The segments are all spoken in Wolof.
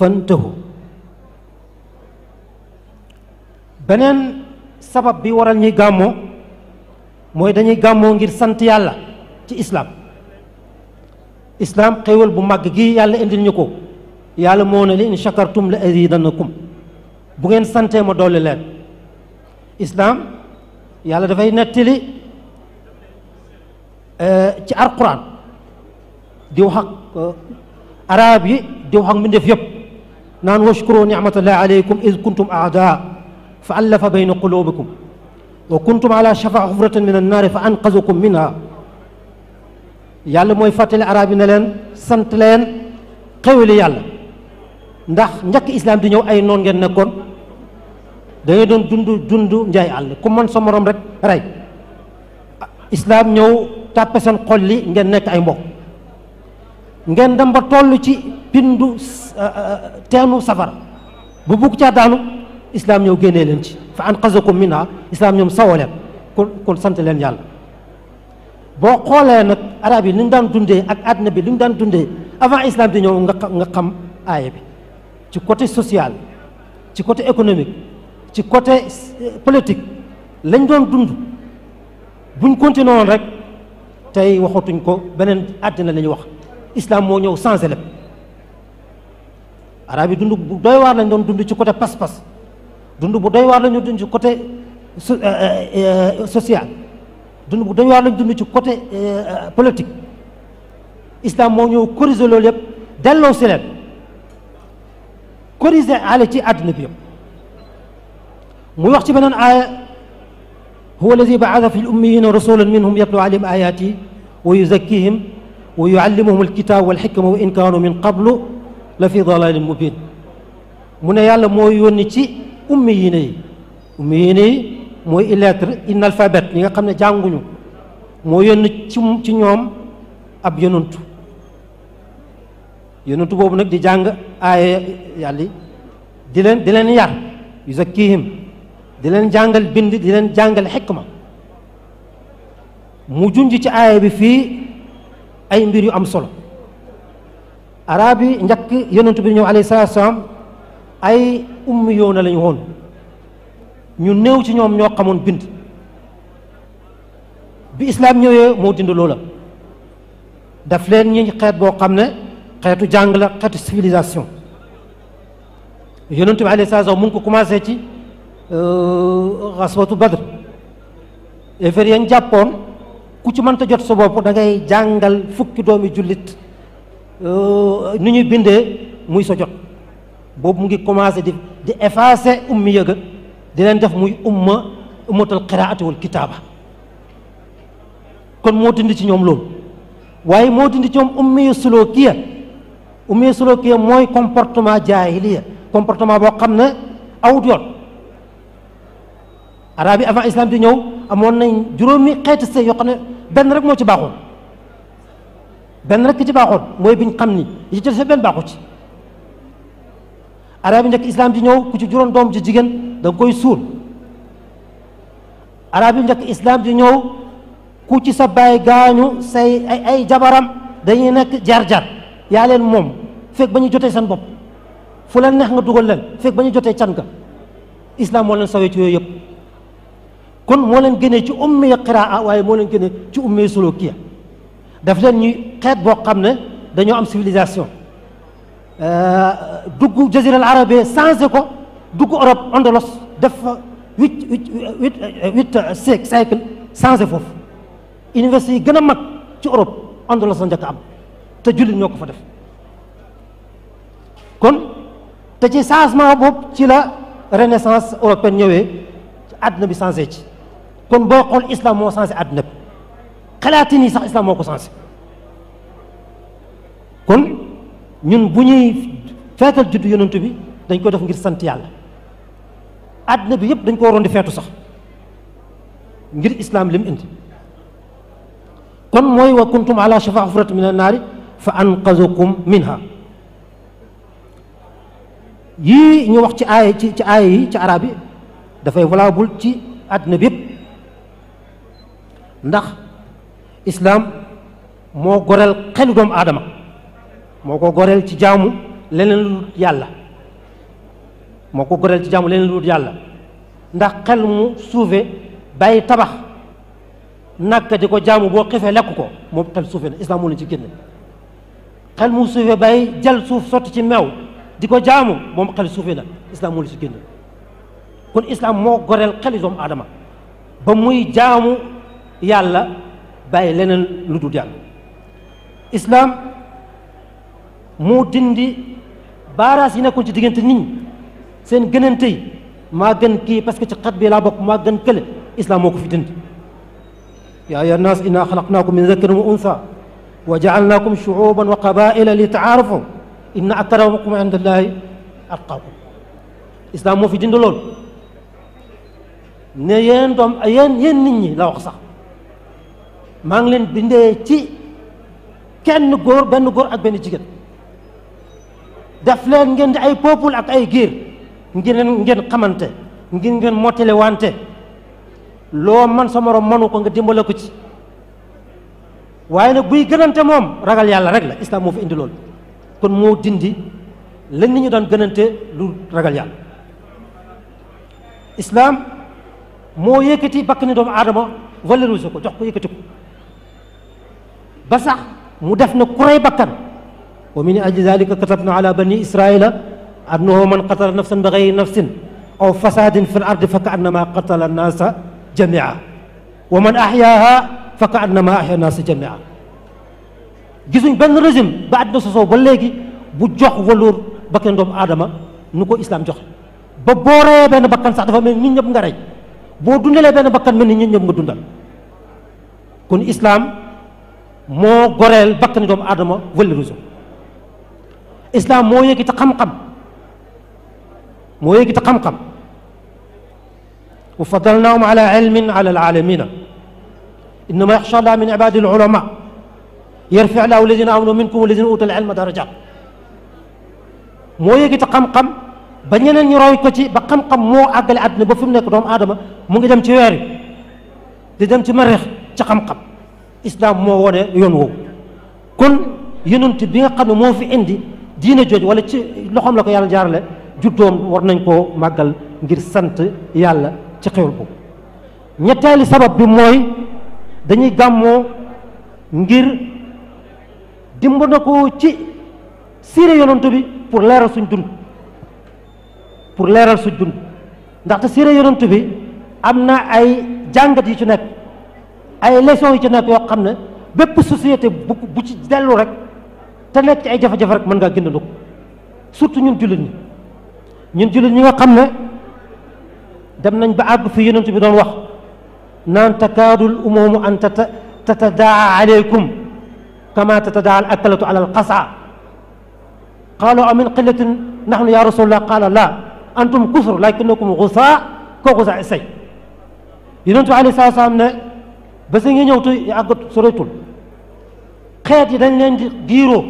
fantahu beneen sabab bi waral ñuy gàmmoo mooy dañuy gàmmoo ngir sant yàlla ci islaam islaam xéewal bu màgg gi yàlla indil ñu ko yàlla moo na li in shakartum la azidannakum bu ngeen santee ma dolli leen islaam yàlla dafay nettali eh, ci alquran di wax ak eh, arab yi di wax ak mbindeef yëpp نان واشكروا نعمة الله عليكم إذ كنتم أعداء فألف بين قلوبكم وكنتم على شفا حفرة من النار فأنقذكم منها yàlla mooy fàttali arab yi ne leen sant leen xeweli yàlla ndax njëkk islam di ñëw ay noon ngeen nekkoon da ngay doon dund dund njaay àll ku mën sa morom rek rey islam ñëw tàppe seen xol li ngeen nekk ay mbokk ngeen dem ba toll ci pindu euh, euh, teenu safara bu bugg caa daanu islaam ñëw génnee leen ci fa anqazakum minha islaam ñoom sawoo leen kon sante leen yàlla boo xoolee nag arab yi li daan dundee ak àddina bi li daan dundee avant islam di ñëw nga nga xam aaye bi ci côté social ci côté économique ci côté euh, politique lañ doon dund buñ continué rek tey waxatuñ ko beneen àddina la wax islam mo ñëw sans élève arabi yi dund bu doy war lañ doon dund ci cote pass pass dund bu doy war lañ dund ci côté social dund bu doy war lañ dund ci côté politique islam mo ñëw corriger lool yëpp delloo si leen corriger ala ci aduna bi mu wax ci benen aya هو الذي بعث في الأميين رسولا منهم يتلو عليهم آياتي ويزكيهم ويعلمهم الكتاب والحكمة وإن كانوا من قبل لفي ضلال مبين من يالا موي يونيتي أميني أميني موي إلاتر إن الفابت نيغا خامني جانغونو موي يونيتي تي نيوم أب يونونتو يونونتو بوبو نك دي جانغ آية يالي دلن دلن يار يزكيهم دلن جانغال بند دلن جانغال حكمة مو جونجي تي آية بي في ay mbir yu am solo arab yi njëkk yonentu bi ñëw alayhi salaatu salaam ay ummi yoona lañu woon ñu néew ci ñoom ñoo xamoon bint bi islaam ñëwee moo dind loola daf leen ñi xeet boo xam ne xeetu jàng la xeetu civilisation bi alayhi salaatu salaam mu ngi ko commencé ci xaswatu euh, badr éfér yañ jàppoon ku ci mënta jot sa bopp dangay ngay jàngal fukki doomi jullit euh, ni ñuy bindee muy sa jot boobu mu ngi commencé di di effacer ummi yëga di leen def muy umma ummatul qiraati wal kitaaba kon moo dindi ci ñoom loolu waaye moo dindi ci ñoom ummiyu sulookiya ummiyu sulookiya mooy comportement jaahiliya comportement boo xam ne awut yoon arab yi avant islam di ñëw amoon nañ juróomi xeeti sëy yoo xam ne benn rek moo ci baaxoon benn rek ci baaxoon mooy biñ xam ni yi ci benn baaxu ci arab yi njëkk islam di ñëw ku ci juróom doom ci jigéen da koy suul arab yi njëkk islam di ñëw ku ci sa baay gaañu say ay ay jabaram dañuy nekk jar-jar yaa leen moom fekk ba ñu jotee seen bopp fu leen neex nga dugal leen fekk ba ñu jotee can ga islam moo leen sawee ci yooyu yëpp كن مولن جيني جي أمي قراءة واي مولن جيني جي أمي سلوكية دفلن ني قيد بو قمنا دانيو أم سيفيليزاسيون آه، دوغو جزيرة العربية سانزيكو دوغو أوروب أندلس دف ويت ويت ويت ويت سيك سايكل سانزي فوف إنفسي جنا مك تي أوروب أندلس أنجاك أم تجولي نيوكو فدف كون تجي سانز ما بوب تي لا رينيسانس أوروبين نيوي adna bi sans etch كم بوقول اسلام مو سانس ادنب خلاتيني صح اسلام مو سانس كون نون بني فاتل جدو يونتو بي دنجو داف غير سانت يالا ادنب ييب دنجو روند فاتو صح غير اسلام لم انت كون موي وكنتم على شفا حفره من النار فانقذكم منها ي ني تي اي تي اي تي عربي دا فاي فلا بول تي ادنب ييب ndax islaam moo goreel xelu doomu aadama moo ko goreel ci jaamu leneen lu dul yàlla moo ko goreel ci jaamu leneen lu dul yàlla ndax xel mu suufe bàyyi tabax naka di ko jaamu boo xifee lekk ko moom xel suufe na islaam moo ci génne xel mu suufe bàyyi jël suuf sotti ci meew di ko jaamu moom xel suufe na islaam moo ci génne kon islaam moo goreel xelu doomu aadama ba muy jaamu yàlla baye lenen luddul yàlla islam mo dindi baras yi nekkoon ci diggante nit ñi seen gënante yi maa gën ki parce que ci xat bi laa bokk maa gën kële islam moko fi dindi ya ya nas inna khalaqnakum min dhakarin wa unsa wa ja'alnakum shuuban wa qabaila li taarafu inna akramakum inda allahi atqakum islam mo fi dindi loolu ne yéen dom yéen yéen nit ñi la wax sax maa ngi leen bindee ci kenn góor benn góor ak benn jigéen daf leen ngeen di ay peuple ak ay giir ngeen ngeen xamante ngir ngeen mottale wante loo man sa morom mënu ko nga dimbale ko ci waaye nag buy gënante moom ragal yàlla rek la islam moo fi indi loolu kon moo dindi lan nit ñu daan gënante lu ragal yàlla islam moo yëkkati bakk ni doomu aadama valoriser ko jox ko yëkkati ko ba sax mu def na ku rey bakkan wa min ajli dalika katabna ala bani israila annahu man qatala nafsan bi gayri nafsin aw fasadin fi l ardi fa ka annama qatala annaasa jamia wa man ahyaaha fa ka annama ahya annaasa jamia gisuñ benn régime ba àddina sosoo ba léegi bu jox valeur bakkan doomu aadama nu ko islam jox ba boo reyee benn bakkan sax dafa mel ni ñëpp nga rey boo dundalee benn bakkan mel ni ñëpp nga dundal kon islam mo gorel bakkan doom adama wul الاسلام islam mo yegi ta xam xam mo yegi ta xam xam وفضلناهم على علم على العالمين انما يخشى الله من عباد العلماء يرفع الله الذين امنوا منكم والذين اوتوا العلم درجات مو يجي تقم قم با نينن ني روي كو بقم قم مو اغال ادنا با فم نيك دوم ادم مو غي ديم تي وير دي ديم تي مريخ islam moo wone yoon woowu kon yonent bi nga xam ne moo fi indi diina jooj wala ci loxoom la ko yàlla jaarale juddoom war nañ koo màggal ngir sant yàlla ci xewul boobu ñetteeli sabab bi mooy dañuy gàmmoo ngir dimbana ko ci siire yonent bi pour leeral suñ dund pour leeral suñ dund ndaxte siire yonent bi am na ay jàngat yi ci nekk ay leçon yi ci nekk yo xamne bépp société bu ci delu rek ta nek ci ay jafe-jafe rek man nga génn surtout ñun jullit ñi ñun jullit ñi nga xamne dem nañ ba ag fi yonent bi doon wax nan takadul umum an tatadaa alaykum kama tatadaa al aklatu ala al qasa qaalu amin qillatin nahnu ya rasulullah qaala la antum kusur lakinnakum gusaa ko gusaa isay yonent bi alayhi salaatu salaam ne basa nga ñëw te àggat soreetul xeet yi dañ leen di giiroo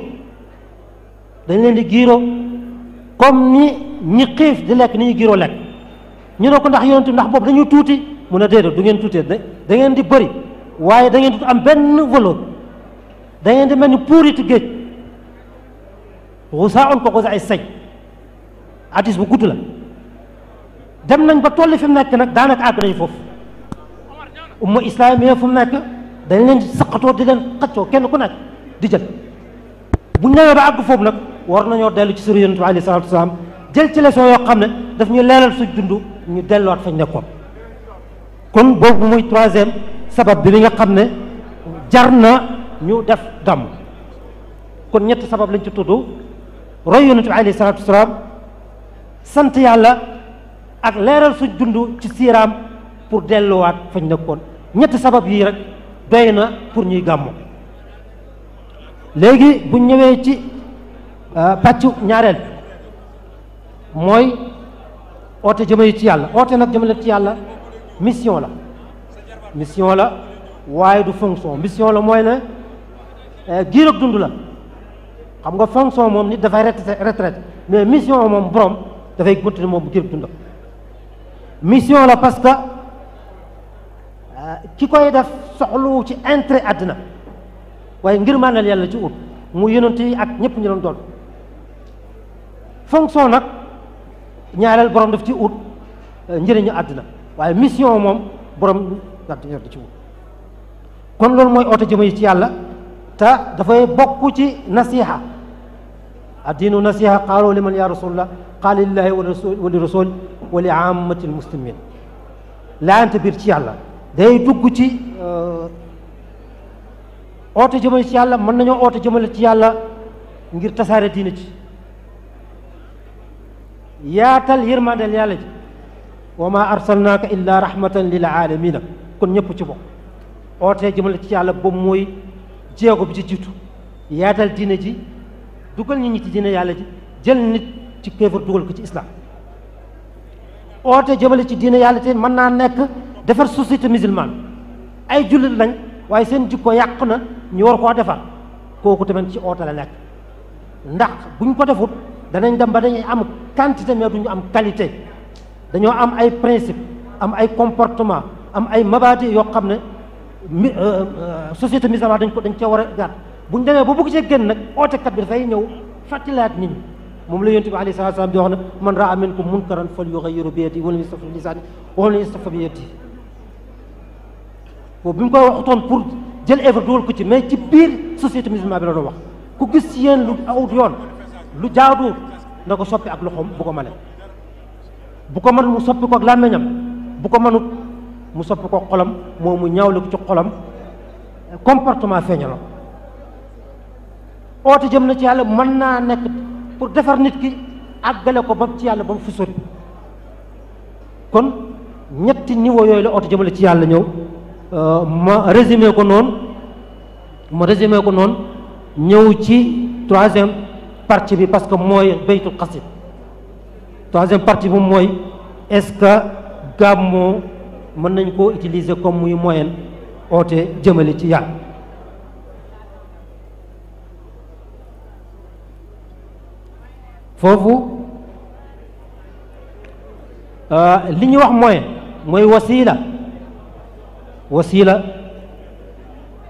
dañ leen di giiroo comme ni ñi xiif di lekk ni ñu giiroo lekk ñu ne ko ndax yonent ndax boobu dañu tuuti mun a déedéet du ngeen tuutee da da ngeen di bëri waaye da ngeen di am benn valeur da ngeen di mel ni puuritu géej rusaa on ko ko ay sëñ addis bu gudd la dem nañ ba tolli fi mu nekk nag daanaka àgg nañu foofu umma islamiya fu mu nekk dañ leen di saqatoo di leen xaccoo kenn ku nekk di jël buñ newee ba àgg foofu nag war nañoo dellu ci sura yonent bi aleyhi salaatu wasalaam jël ci leçon yoo xam ne daf ñuy leeral suñ dund ñu delluwaat fañ nekkoon kon boobu muy troisième sabab bi li nga xam ne jar na ñu def gàmm kon ñetti sabab lañ ci tudd roy yonent bi sant yàlla ak leeral su dund ci siiraam pour delluwaat fañ nekkoon ñetti sabab yii rek doy na pour ñuy gàmmu léegi bu ñëwee ci euh, pàccu ñaareel mooy oote jëmale ci yàlla oote nag jëmale ci yàlla mission la mission la waaye du fonction mission la mooy ne euh, giir ak dund la xam nga fonction moom nit dafay retraite mais mission moom borom dafay continuer moom giir ak dund mission la parce ki koy def soxlu ci intérêt àddina waaye ngir maanal yàlla ci ut mu yonent yi ak ñëpp ñu doon doon fonction nag ñaareel borom daf ci ut euh, njëriñu àddina waaye mission moom borom yor ci ut kon loolu mooy oto jëme ci yàlla ta dafay bokk ci nasiha addiinu nasiha qaalu liman ya rasulullah qaal lillahi wa li rasul wa li aamati almuslimin laayante biir ci yàlla day dugg ci euh, oote jëmale ci yàlla mën nañoo oote jëmale ci yàlla ngir tasaare diine ci yaatal yërmandeel yàlla ji wa ma illa rahmatan lil aalamina kon ñëpp ci bokk ootee jëmale ci yàlla boobu mooy jéego bi ci jiitu yaatal diine ji dugal nit ñi ci diine yàlla ji jël nit ci kéefar dugal ko ci islam oote jëmale ci diine yàlla te mën naa nekk defar société musulmane ay jullit lañ waaye seen jikko yàq na ñu war koo defar kooku tamit ci oote la nekk ndax buñ ko defut danañ dem ba dañuy am quantité mais duñu am qualité dañoo am ay principe am ay comportement am ay mabaadi yoo xam ne mi euh, euh, société musulmane dañ ko dañ cee war a gaat buñ demee ba bëgg cee génn nag ootekat bi dafay ñëw fàttaliwaat nit ñi moom la yonent bi alayhi salaatu salaam di wax ne man raa minkum munkaran fal yughayyiru bi yadihi wala yastaf bi boobu bi mu koy waxutoon pour jël œuvre dugal ko ci mais ci biir société musulmane bi la doon wax ku gis ci yéen lu awut yoon lu jaaduwut na ko soppi ak loxoom bu ko mënee bu ko mënul mu soppi ko ak làmmiñam bu ko mënut mu soppi ko xolam moom mu ñaawle ko ci xolam comportement feeñaloo oote jëm na ci yàlla mën naa nekk pour defar nit ki àggale ko ba ci yàlla ba mu fi sori kon ñetti niveau yooyu la oote jëmale ci yàlla ñëw Euh, ma résumé ko noonu ma résumé ko noonu ñëw ci troisième partie bi parce que mooy baytul xasid troisième partie bi mooy est-ce que gàmmu mën nañ koo utiliser comme muy moyen oote jëmale ci yàlla foofu euh, li ñuy wax moyen mooy wasiila wasila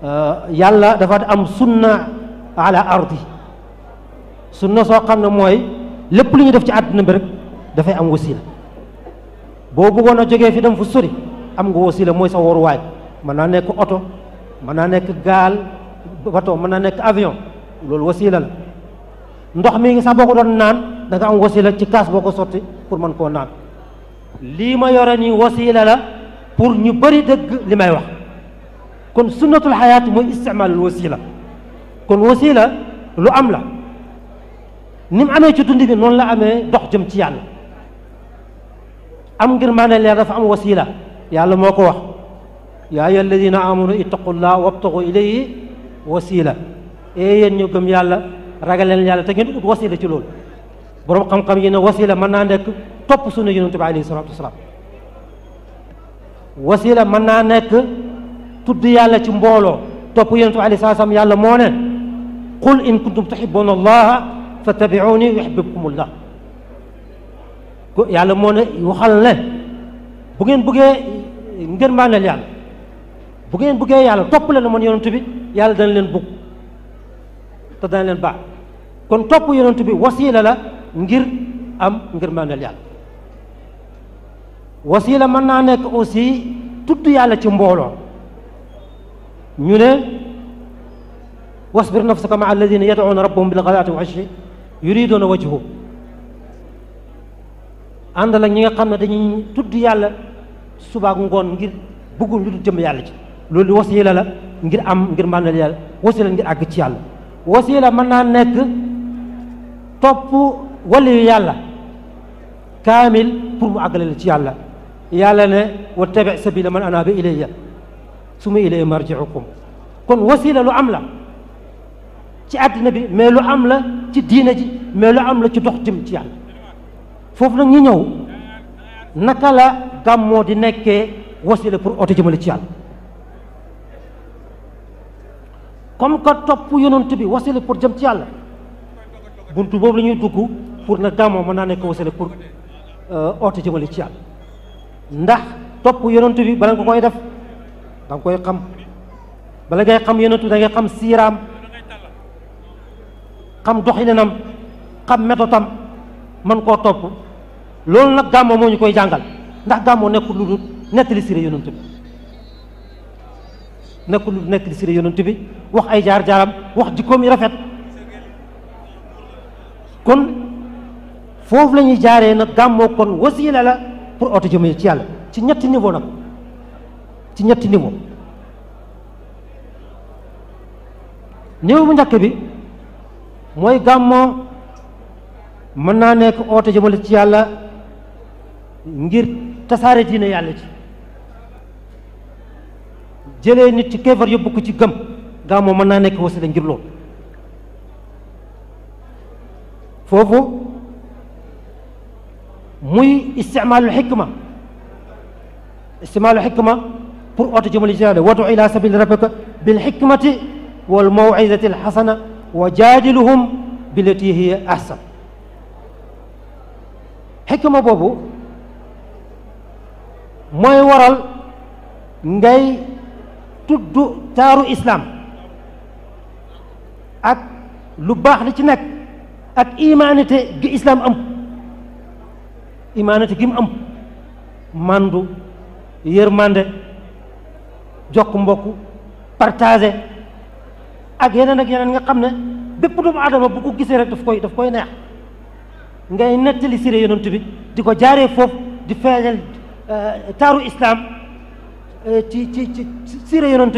eh, yàlla dafa am sunna ala ardi sunna soo xam ne mooy lépp lu ñu def ci àdduna bi rek dafay am wasila boo bëggoon a jógee fi dem fu sori am nga wasila mooy sa waruwaay mën naa nekk oto mën naa nekk gaal bateau mën naa nekk avion loolu wasila la ndox mi ngi sax boo ko doon naan da nga am wasila ci kaas boo ko sotti pour mën koo naan lii ma yore nii wasila la pour ñu bari deug limay wax kon sunnatul hayat moy istimal al wasila kon wasila lu am la nim amé ci dund bi non la amé dox jëm ci yàlla am ngir mané leer dafa am wasila yàlla moko wax ya ayyuha alladina amanu ittaqullaha wabtaghu ilayhi wasila e yéen ñu gëm yàlla ragaleen yàlla te ngeen ut wasila ci lool borom xam-xam yi ne wasila man na nek top sunu yunus ta ali sallallahu alaihi wasallam wasila man na nek tudd yàlla ci mbooloo topp yonent bi alayhi salaam yàlla mo ne qul in kuntum tuhibbuna allah fattabi'uni yuhibbukum allah ko yàlla mo ne waxal ne bu ngeen bugge ngeen manal yàlla bu ngeen bugge yàlla top la mo yonent bi yàlla dan leen bug ta dan leen ba kon top yonent bi wasila la ngir am ngir manal yàlla wasila man na nek aussi tudd yalla ci mbolo ñu ne wasbir nafsaka maa alladina yadcuuna rabbahum bilgadaati wa ashi yuriduna wajhu andal ak ñi nga xamne dañuy tudd yàlla subaak ngon ngir bëggul lu jëm yalla ci loolu wasila la ngir am ngir manal yalla wasila ngir ag ci yalla wasila man na nek top waliyu yalla kamil pour mu àggale ci yalla yàlla ne wattabi sabila man ma ilayya summa ilayya marjiukum kon wasila lu am la ci àddina bi mais lu am la ci diina ji mais lu am la ci dox jëm ci yàlla foofu nag ñu ñëw naka la gàmmoo di nekkee wasila pour oto jëmale ci yàlla comme que topp yonent bi wasila pour jëm ci yàlla buntu boobu la ñuy dugg pour na gàmmoo mën naa nekk wasila pour oto jëmale ci yàlla ndax topp yonentu bi bala nga koy def da nga koy xam bala ngay xam yonentu da ngay xam siiraam xam doxalinam xam métodam man koo topp loolu nag gàmmoo moo ñu koy jàngal ndax gàmmoo nekkul lu dul nettali siira yonentu bi nekkul lu nekk di siira yonentu bi wax ay jaar-jaaram wax jikkoom yi rafet kon foofu la ñuy jaaree nag gàmmoo kon wasiila la pour oote jëmee ci yàlla ci ñetti niveau nag ci ñetti niveau niveau bu njëkk bi mooy gàmmoo mën naa nekk oote jëmale ci yàlla ngir tasaare diine yàlla ci jëlee nit ci kéefar yóbbu ko ci gëm gàmmoo mën naa nekk wasila ngir loolu foofu موي استعمال الحكمة استعمال الحكمة pour أتجمل الجهاد وتو إلى سبيل ربك بالحكمة والموعظة الحسنة وجادلهم بالتي هي أحسن حكمة بابو ما يورال ngay tudd taru islam ak lu bax li ci nek ak imanité gi islam am imaanati gi mu am mandu yërmande jokk mbokk partagé ak yeneen ak yeneen nga xam ne bépp doomu aadama bu ko gisee rek daf koy daf koy neex ngay nettali siré yonent di ko jaaree foofu di feeñal euh, taaru islaam euh, ci ci ci siré yonent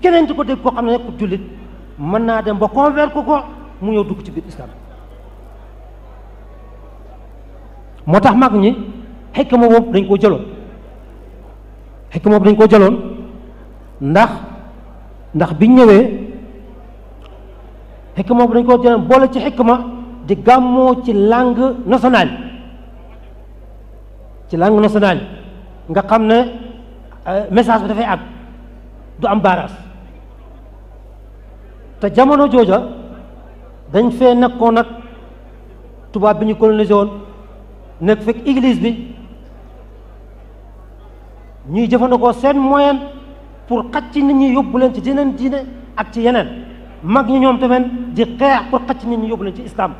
keneen di ko dégg koo xam ne nekk jullit mën naa dem ba convaincre ko mu ñëw dugg ci biir islaam moo tax mag ñi xekk ma boobu dañ koo jëloon xekk ma boobu dañ koo jëloon ndax ndax biñ ñëwee xekk ma boobu dañ koo jëloon boole ci xekk ma di gàmmoo ci langue nationale ci langue nationale nga xam ne euh, message bi dafay àgg du am baaraas te jamono jooja dañ fee nekkoon nag tubaab bi ñu colonisé woon nekk fekk église bi ñuy jëfandikoo seen moyen pour xacc nit ñi yóbbu leen ci yeneen diine ak ci yeneen mag ñi ñoom tamit di xeex pour xacc nit ñi yóbbu leen ci islam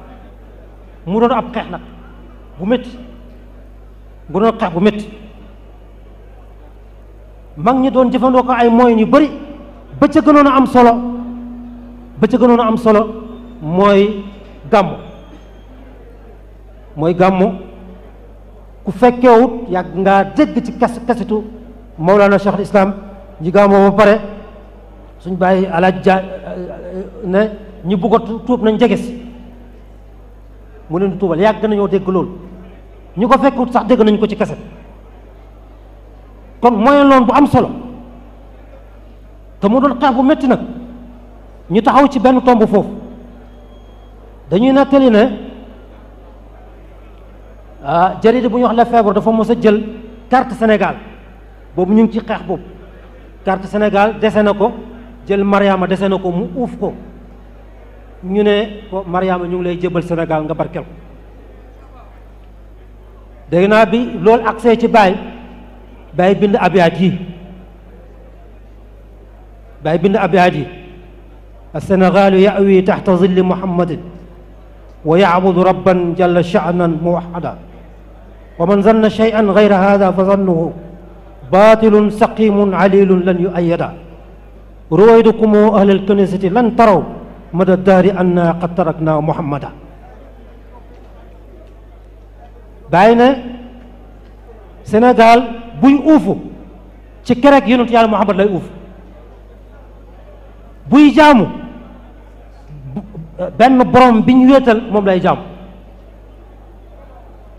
mu doon ab xeex nag bu metti bu bu métti mag ñi doon jëfandikoo ay moyens yu bëri ba ca a am solo ba gënoon am solo mooy gàmmu mooy gàmmu ku fekkewut yàgg ngaa dégg ci kas kasitu Mawlana Cheikh Islam ñi gaaw pare suñ bàyyi alaaj ja eh, ne ñu bugg a tuub nañ jege si mu leen tuubal yàgg nañoo dégg loolu ñu ko fekkut sax dégg nañ ko ci kaset kon moyen loon bu am solo te mu doon xeex bu métti nag ñu taxaw ci benn tomb foofu dañuy nettali ne jarida bu ñuy wax la fièvre dafa mësa jël carte Sénégal boobu ñu ngi ci xeex boobu carte Sénégal dese na ko jël Mariama dese na ko mu uuf ko ñu ne ko Mariama ñu ngi lay jëbal Sénégal nga barkel ko dégg naa bi lool accès ci Baye Baye bind abiyaat yi Baye bind abiyaat yi السنغال يأوي تحت ظل محمد ويعبد ربا جل شأنا موحدا ومن ظن شيئا غير هذا فظنه باطل سقيم عليل لن يؤيد رويدكم أهل الكنيسة لن تروا مدى الدار أن قد تركنا محمدا بين سنغال بوي اوفو تي كرك يونت يال محمد لا اوف بوي جامو بن بروم بن ويتال موم لاي جامو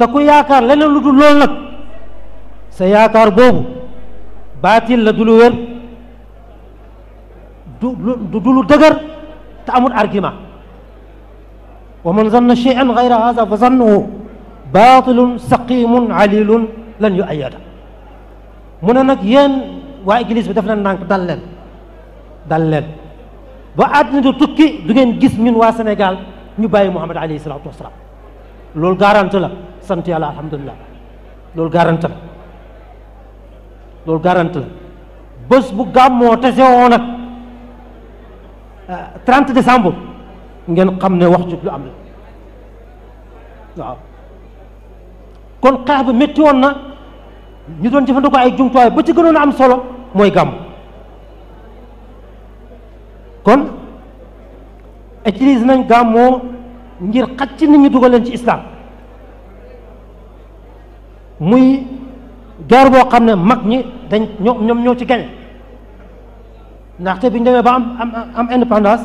تكو ياكار لين لودول لول نك سياكار بوبو باطل لا دولو وير دولو دغر تا امول ارغيما ومن ظن شيئا غير هذا فظنه باطل سقيم عليل لن يؤيد من نك ين وا انجليز بدفنا نانك دالل دالل با ادنا دو توكي دوغن غيس مين وا سنغال ني باي محمد عليه الصلاه والسلام لول غارانتو sant yàlla alhamdulilah loolu garante la loolu garante bés bu gàmmoo te sewoon nag euh, ngeen xam ne wax ju lu am la kon xeex bi métti woon na ñu doon jëfandikoo ay jumtuwaay ba ci gënoon am solo mooy gàmm kon utilise nañ gàmmoo ngir xacc nit ñi dugal leen ci islam muy guerre bo xamne mag ñi dañ ñom ñoom ñoo ci gañ ndax té ñu démé ba am am indépendance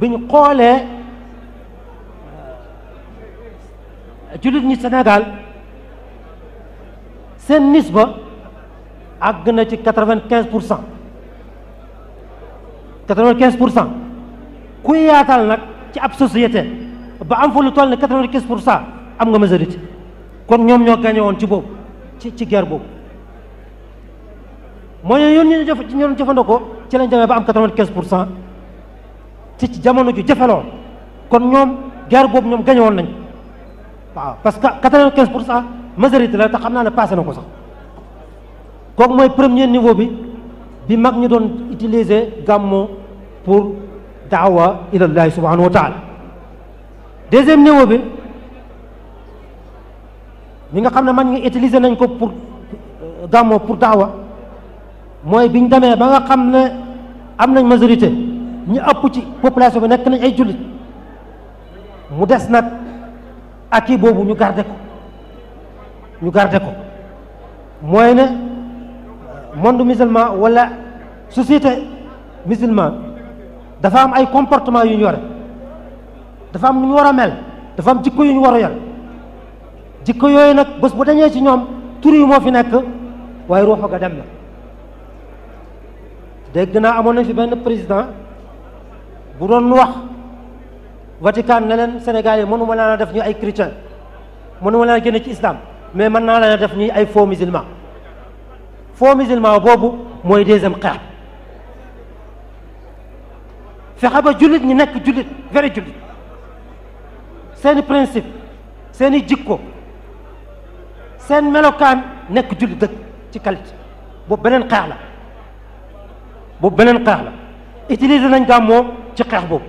bi xolé xoolee jullit ñi Sénégal sen nisba ag na ci 95% 95% quinze ku yaatal nak ci ab société ba am fu lu toll ne 95% am nga majorité kon ñoom ñoo gañe woon ci boobu ci ci guerre boobu mooy yoon ñu jëf ñoon jëfandikoo ci lañ demee ba am quatre vingt pour cent ci ci jamono ju jafeloon kon ñoom guerre boobu ñoom gañe nañ waaw parce que quatre-vingt-quinze pour cent majorité la te xam naa ne passé na ko sax kooku mooy premier niveau bi bi mag ñu doon utiliser gàmmo pour daawa ilallahi subhanahu wa taala deuxième niveau bi bi nga xam ne man ngi utiliser nañ ko pour gàmmoo euh, pour daawa mooy biñ demee ba nga xam ne am nañ majorité ñu ëpp ci population bi nekk nañ ay jullit mu des nag ak kii boobu ñu garder ko ñu garder ko mooy ne euh, monde musulman wala société musulman dafa am ay comportement yu ñu yore dafa am lu ñu war a mel dafa am jikko yu ñu war a yore jikko yooyu nag bës bu dañee ci ñoom tur yi moo fi nekk waaye ruuxu ga dem na dégg naa amoon nañ fi benn président bu doon wax Vatican ne leen Sénégal yi mënuma laa def ñu ay chrétien mënuma laa génne ci islam mais mën naa laa def ñuy ay faux musulman faux musulman boobu mooy deuxième xeex fexe ba jullit ñi nekk jullit vrai jullit seeni principe seeni jikko seen melokaan nekk julli dëgg ci qualité boobu beneen xeex la boobu beneen xeex la utiliser nañ gàmmoo ci xeex boobu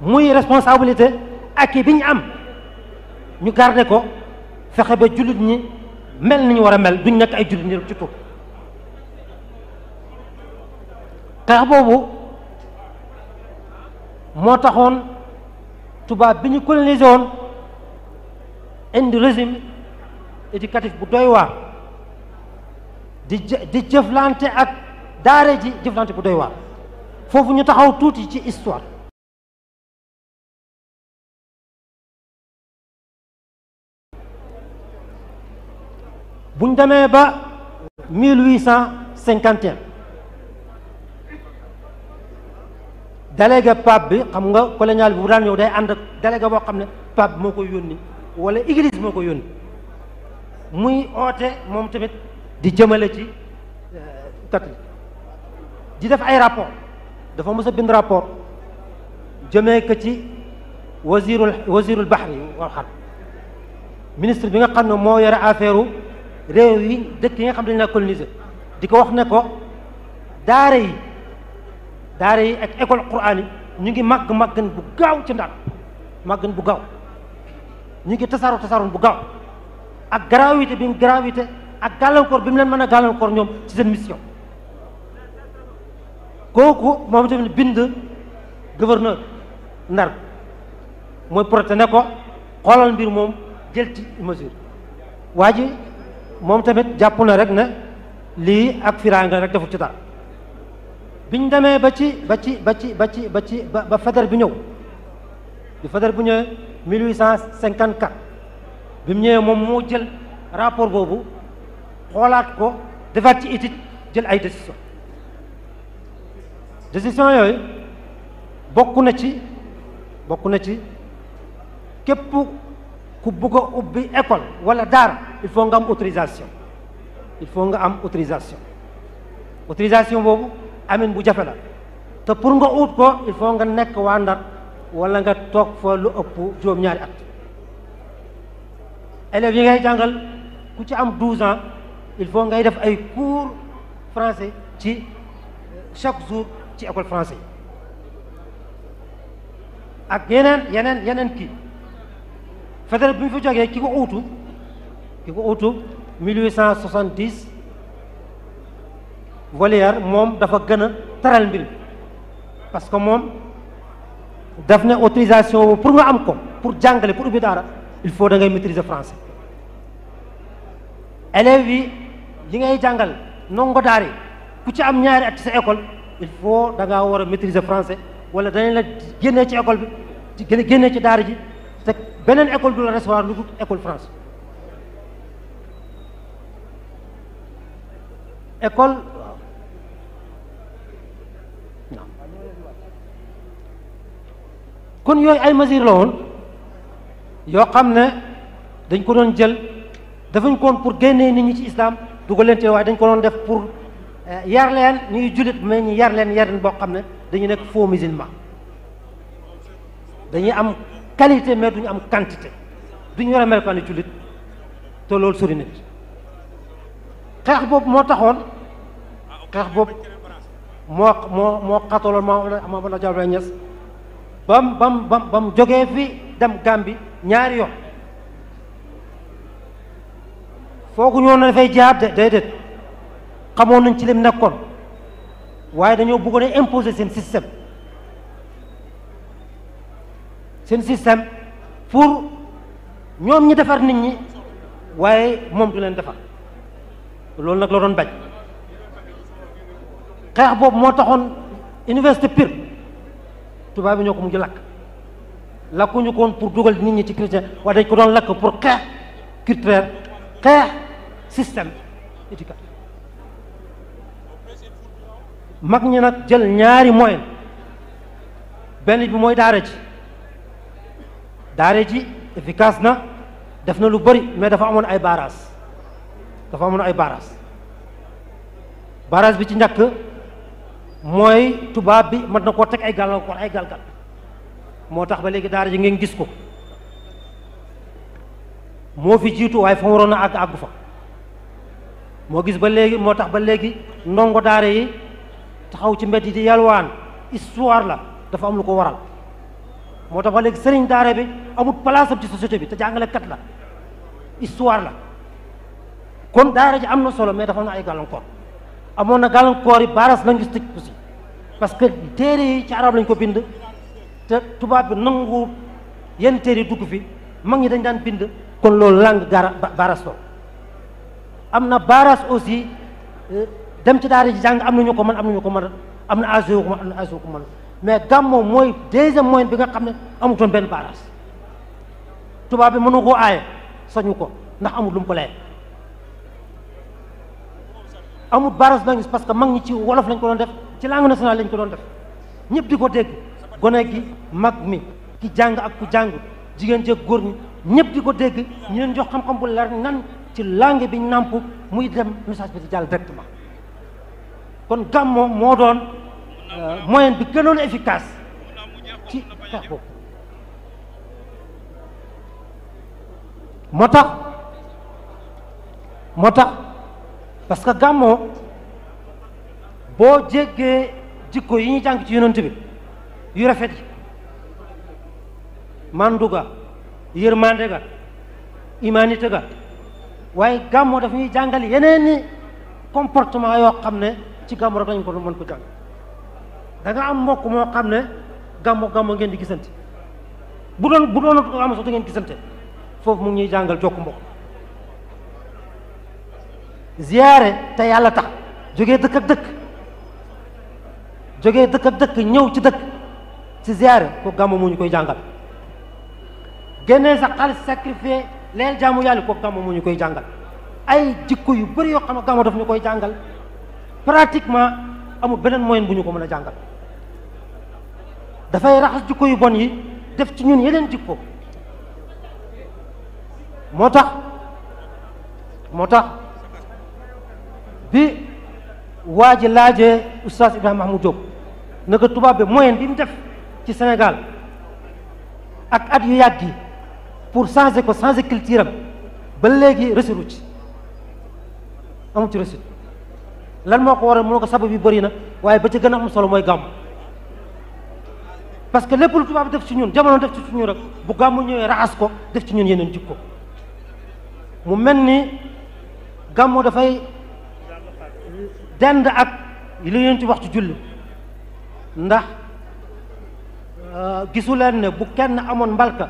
muy responsabilité ak bi ñu am ñu garder ko fexe ba jullit ñi mel ni ñu war a mel duñ nekk ay jullit ñi ci tur xeex boobu moo taxoon tubaab bi ñu colonisé woon indi régime éducatif bu doy waar di di jëflante ak daare ji jëflante bu doy waar foofu ñu taxaw tuuti ci histoire buñ demee ba 1851 délégué pape bi xam nga colonial bi bu daan ñëw day ànd ak délégué boo xam ne pape bi moo koy yónni wala église moo ko yónni muy oote moom tamit di jëmale ci euh, catholique di def ay rapport dafa mës a bind rapport jëmee ko ci wasirul wasirul bahri wal xal ministre bi nga xam ne moo yore affaire réew yi dëkk yi nga xam ne dañ la coloniser di ko wax ne ko daara yi daara yi ak école quraan ñu ngi màgg màggan bu gaaw ci Ndar màggan bu gaaw ñu ngi tasaaroo tasaaroon bu gaw ak gravité bi gravité ak gàllankoor bi mu leen mëna a gàllankoor ñom ci seen mission koku mom tam bind gouverneur ndar moy proté ne ko xolal mbir mom jël ci mesure waji mom tamit jàpp na rek ne li ak firanga rek dafa ci dara biñ démé ba ci ba ci ba ci ba ci ba fader bi bu ñew 1854 bi rapport boobu xoolaat ko defaat ci étude décision décision yooyu bokk na ci bokk na ci képp wala daara il faut nga autorisation il faut nga autorisation autorisation amin bu jafe pour nga ko il faut wala nga tok fa lu ëpp juróom-ñaari at élèves yi ngay jàngal ku ci am 12 ans il faut ngay def ay cours français ci chaque jour ci école français ak yeneen yeneen yeneen kii fédéral bi mu fi jógee ki ko uutu ki ko uutu 1870 Molière moom dafa gën a taral mbir parce que moom daf ne autorisation pour nga am ko pour jàngale pour ubbi il faut da ngay maîtriser français élèves yi yi ngay jàngal ndongo daara ku ci am ñaari at sa école il faut da ngaa war maîtriser français wala danañ la génnee ci école bi ci génnee ci daara ji te beneen école du la recevoir lu école France. école kon yooyu ay mesures la woon yoo xam ne dañ ko doon jël dafañ ko woon pour génnee nit ñi ci islam dugal leen ci waaye dañ ko doon def pour eh, yar leen ñuy jullit ma ñu yar leen yarin boo xam ne dañu nekk faux musulman dañuy am qualité mais duñu am quantité duñu war a melokaani jullit te loolu sori na xeex boobu moo taxoon xeex boobu moo moo moo xataloon moo ma mën a jàppale ñes bam bam bam bam jógee fi dem Gàmbi ñaari yoon foogu ñoo na dafay jaar de déedéet xamoon nañ ci lim nekkoon waaye dañoo bëggoon a imposer seen système seen système pour ñoom ñi defar nit ñi waaye moom du leen defar loolu nag la doon bañ xeex boobu moo taxoon université Pire tubaab yi ñoo ko mu mujj lakk lakkuñu ko woon pour dugal nit ñi ci chrétien waaye dañ ko doon lakk pour xeex culturel xeex système éducatif mag ñi nag jël ñaari moyen benn bi mooy daara ji daara ji efficace na def na lu bari mais dafa amoon ay baraas dafa amoon ay barrage barrage bi ci njëkk mooy tubaab bi mën na koo teg ay gàllankoor ay galgal moo tax ba léegi daara ji ngeen gis ko moo fi jiitu waaye fa waroon a àgg àggu fa moo gis ba léegi moo tax ba léegi ndongo daara yi taxaw ci mbedd yi di yalwaan histoire la dafa am lu ko waral moo tax ba léegi sëriñ daara bi amul place am ci société bi te jàngalekat la histoire la kon daara ji am na solo mais dafa am na ay gàllankoor amoon na gàllankoor yi baras nañ gis tëj parce que téere yi ci arab lañ ko bind te tubaab bi nangu yenn téere yi dugg fi mag ñi dañ daan bind kon loolu langue gara baras toog am na baras aussi euh, dem ci daara ji jàng am na ñu ko mën am na ñu ko mën am na ag e am na e ko mën mais gàmmoo mooy deuxième moyen bi nga xam ne amutoon benn baras tubaab bi mënu koo aaye sañu ko ndax amul lu mu ko lay amul baros langues parce que mag ñi ci wolof lañ ko doon def ci langue nationale lañ ko doon def ñëpp di ko dégg gone gi mag mi ki jàng ak ku jàng jigéen jeeg góor ñi ñëpp di ko dégg ñu jox xam-xam bu lar nan ci langue bi nàmp muy dem message bi di jàll directement kon gàmmo moo doon euh, moyen bi kënoon efficace ci xeex moo tax moo tax parce que gàmmoo boo jéggee jikko yi ñu jàng ci yonent bi yu rafet yi mandu ga yërmande ga imanité ga waaye gàmmoo daf ñuy jàngal yeneeni comportement yoo xam ne ci gàmmu rek lañ ko mën ko jàng da am mbokk moo xam ne gàmmo gàmmo ngeen di gisante bu doon bu doon am sax du ngeen gisante foofu mu ngi ñuy jàngal jokk mbokk ziyaare te yàlla tax jóge dëkk dëkk jóge dëkk dëkk ñëw ci dëkk ci ziyaare ko gàmmu mu ñu koy jàngal génnee sa xaalis sacrifié leel jaamu yàlla ko gàmmu mu ñu koy jàngal ay jikko yu bëri yoo xam ne gàmmu daf ñu koy jàngal pratiquement amu beneen moyen bu ñu ko mën a jàngal dafay raxas jikko yu bon yi def ci ñun yeneen jikko moo tax moo tax bi waa ji laajee oustaz Ibrahima Mahmoud Diop naka tubaab bi moyen bi mu def ci senegal ak at yu yàgg yi pour changer ko changer culture am ba léegi réussir ci amu ci réussite lan moo ko waral moo ko sabab yu bëri na waaye ba ci gën a am solo mooy gàmm parce que lépp lu tubaab def ci ñun jamono def ci ñun rek bu gàmmu ñëwee raxas ko def ci ñun yeneen jikko mu mel ni gàmmu dend ak li ngeen ci wax ci julli ndax euh, gisu leen ne bu kenn amoon mbalka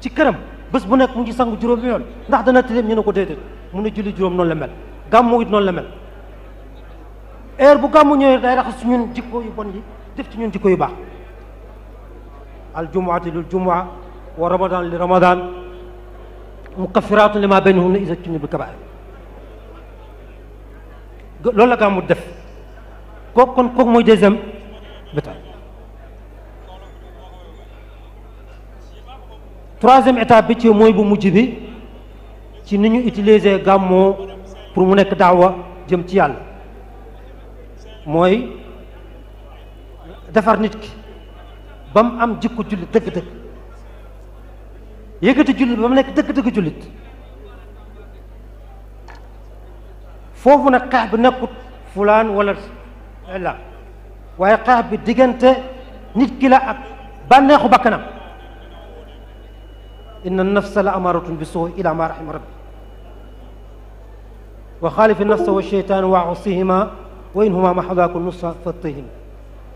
ci këram bés bu nekk mu ngi sangu juróomi yoon ndax dana tilim ñu ne ko déedéet mu ne julli juróom noonu la mel gàmmu it noonu la mel heure bu gàmmu ñëwee day raxas su ñun jikko yu bon yi def ci ñun jikko yu baax al jumuati lil jumua wa ramadan li ramadan mukaffiratun li ma baynahunna iza jtunibu kabaa'ir loolu la gàmmu def kooku kon kooku mooy deuxième étape troisième étape bi ci mooy bu mujj bi ci ni ñu utiliser gàmmoo pour mu nekk daawa jëm ci yàlla mooy defar nit ki ba mu am jikko jullit dëgg-dëgg yëkkati jullit ba nekk dëgg-dëgg jullit فوفو نقاح بنكت فلان ولا لا ويقاح بالدجنت نكلا بنخو بكنا إن النفس لأمارة بسوء إلى ما رحم ربي وخالف النفس والشيطان وعصيهما وإنهما محضاك النص فطهم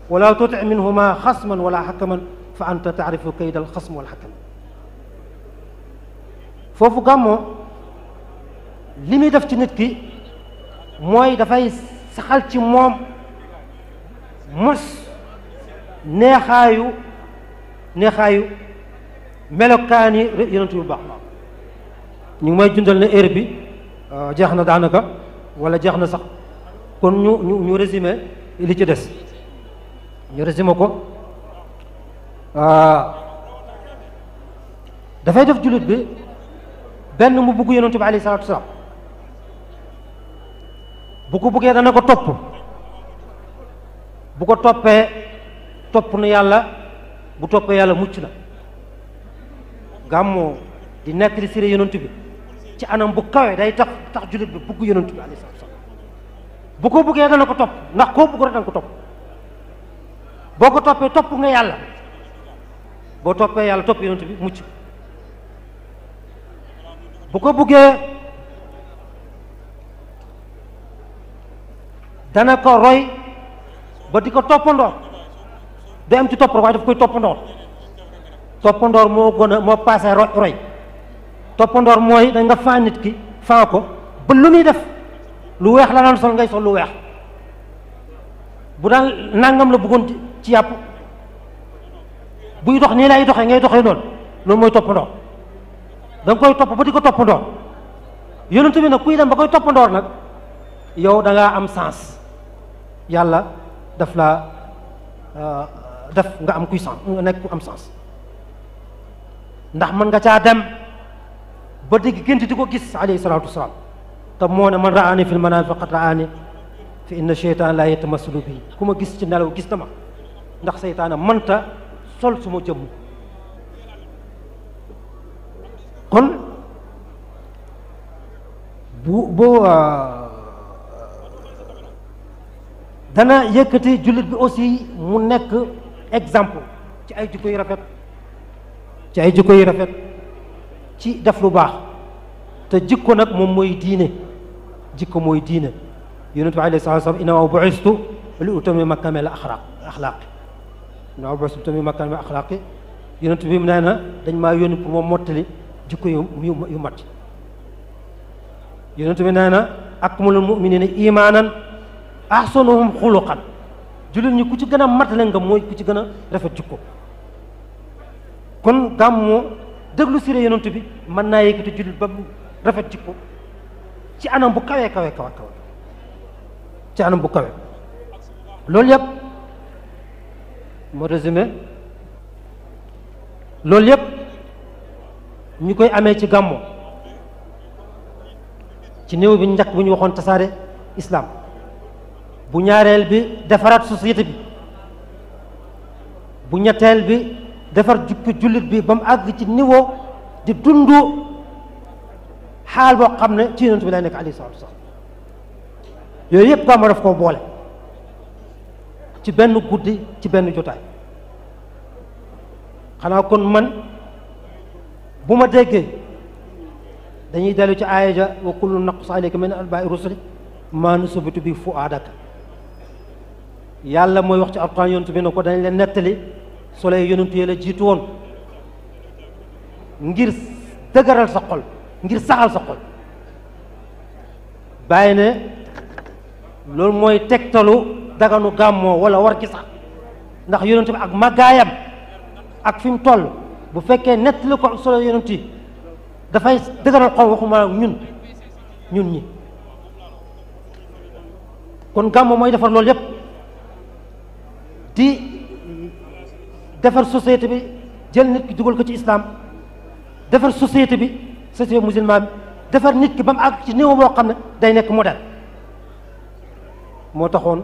ولا تطع منهما خصما ولا حكما فأنت تعرف كيد الخصم والحكم فوفو قامو لمي دفت نتكي mooy dafay saxal ci moom mos neexaayu neexaayu melokaan yi yonent bu baax ñu ngi may jundal ne heure bi jeex na daanaka wala jeex na sax kon ñu ñu ñu résumé li ci des ñu résumé ko dafay def jullit bi benn mu bugg yonent bi alayhi salaatu salaam bu ko bëggee dana ko topp bu ko toppee topp na yàlla bu toppee yàlla mucc na gàmmu di nekk di siré bi ci anam bu kawe day tax tax jullit bi bugg yonent bi alayhi salaatu salaam bu ko dana ko topp ndax koo bëgg rek ko topp boo ko toppee topp nga yàlla boo toppee yàlla topp yonent bi mucc bu ko dana ko roy ba di ko toppandoor day am ci topp waaye daf koy toppandoor toppandoor moo gën a moo toppandoor mooy da nga faa nit ki faa ko ba lu muy def lu weex la daan sol ngay sol lu weex bu daan nangam la bëggoon ci yàpp buy dox nii lay doxee ngay doxee noonu lool mooy toppandoor da nga koy topp ba di ko toppandoor yonent bi nag kuy dem ba koy toppandoor nag yow da ngaa am sens yàlla daf la euh, def nga am puissance nga nekk ku am sens ndax mën nga caa dem ba digg gént di ko gis alayhi salaatu wasalaam te moo ne man raani fil manaam faqad raani fi inna cheytaan la yatamassalu bi ku ma gis ci nelaw gis na ma ndax seytaana mënta sol suma jëmm kon bu boo dana yëkkati jullit bi aussi mu nekk exemple ci ay jikko yu rafet ci ay jikko yu rafet ci def lu baax te jikko nag moom mooy diine jikko mooy diine yonent bi alayhi salaatu salaam innamaa bu'istu li utammima makaarimal axlaaq axlaaqi innamaa bu'istu dañ maa yónni pour ma mottali jikko yu yu mat bi nee na akmalul mu'miniina imaanan ahsanuhum xuluqan jullit ñi ku ci gën a matale nga mooy ku ci gën a rafet jikko kon gàmmu déglu sire yonent bi mën naa yëkkati jullit ba rafet jikko ci anam bu kawee kawee kawe kawe ci anam bu kawe loolu yëpp moo résumé loolu yëpp ñu koy amee ci gàmmu ci néew bi njëkk bu ñu waxoon tasaare islaam bu ñaareel bi defaraat société bi bu ñetteel bi defar jukki jullit bi ba mu àgg ci niveau di dund xaal boo xam ne ci yonent bi lay nekk alayhi salaatu wasalaam yooyu yëpp gàmmu daf koo boole ci benn guddi ci benn jotaay xanaa kon man bu ma déggee dañuy dellu ci aaya ja wa kullu naqus alayka min anbaa'i rusuli maa nusabitu bi fu fuaadaka yàlla mooy wax ci alquran yonent bi ko dañ leen nettali su lay yonent yi la jiitu woon ngir dëgëral sa xol ngir saxal sa xol bàyyi ne loolu mooy tegtalu daganu gàmmoo wala war gi sax ndax yonent bi ak màggaayam ak fi mu toll bu fekkee nettali ko su lay yonent yi dafay dëgëral xol waxuma ñun ñun ñi kon gàmmoo mooy defar loolu yépp di defar société bi jël nit ki dugal ko ci islam defar société bi société musulman bi defar nit ki ba mu àgg ci néew boo xam ne day nekk modèle moo taxoon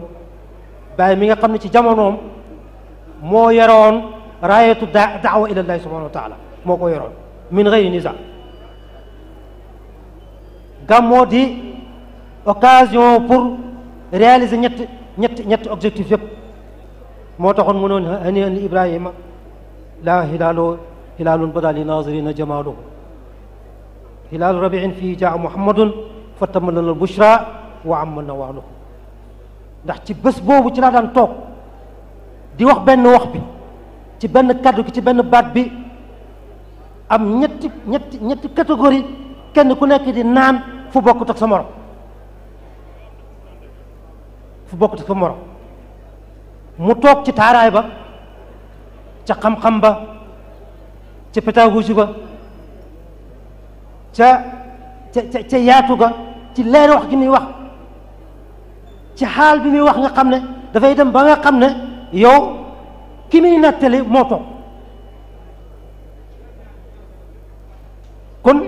bàyyi mi nga xam ne ci jamonoom moo yoroon raayatu da daawa ilallahi subhanahu wa taala moo ko yoroon min gayri nisa gàmmoo di occasion pour réaliser ñett ñett ñett objectif yëpp moo taxoon mu noon haniyan li ibrahima laa hilaaloo hilaalun bada li naazirina jamaaluhu hilaalu rabiin fii jaa muhammadun fattama lana bushra wa amal na waaluhu ndax ci bés boobu ci laa daan toog di wax benn wax bi ci benn kaddu gi ci benn baat bi am ñetti ñetti ñetti catégorie kenn ku nekk di naan fu bokkut ak sa morom fu bokkut ak sa morom mu toog ci taaraay ba ca xam-xam ba ca pédagogie ba ca ca ca yaatu ga ci leer wax gi muy wax ci xaal bi muy wax nga xam ne dafay dem ba nga xam ne yow ki muy nattali moo toog kon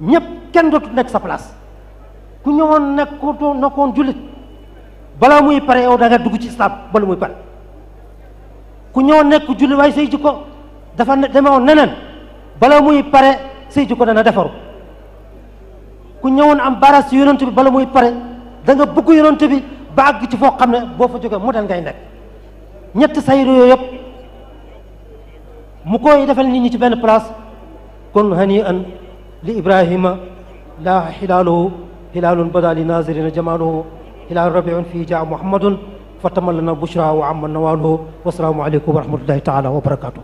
ñépp kenn dootu nekk sa place ku ñëwoon nekk ko nekkoon julit balaa muy pare yow da nga dugg ci islam bala muy pare ku ñëw nekk julli waaye say jikko dafa demewoon neneen bala muy pare say jikko dana defaru ku ñëwoon am baras ci yonent bi bala muy pare danga nga bëgg yonent bi ba àgg ci foo xam ne boo fa jógee modèle ngay nekk ñett sayru yooyu yëpp mu koy defal nit ñi ci benn place kon hani an li ibrahima laa xilaaluhu xilaalun bada li nazirina إلى ربيع فيه جاء محمد فتم لنا بشرى وعم النوال والسلام عليكم ورحمة الله تعالى وبركاته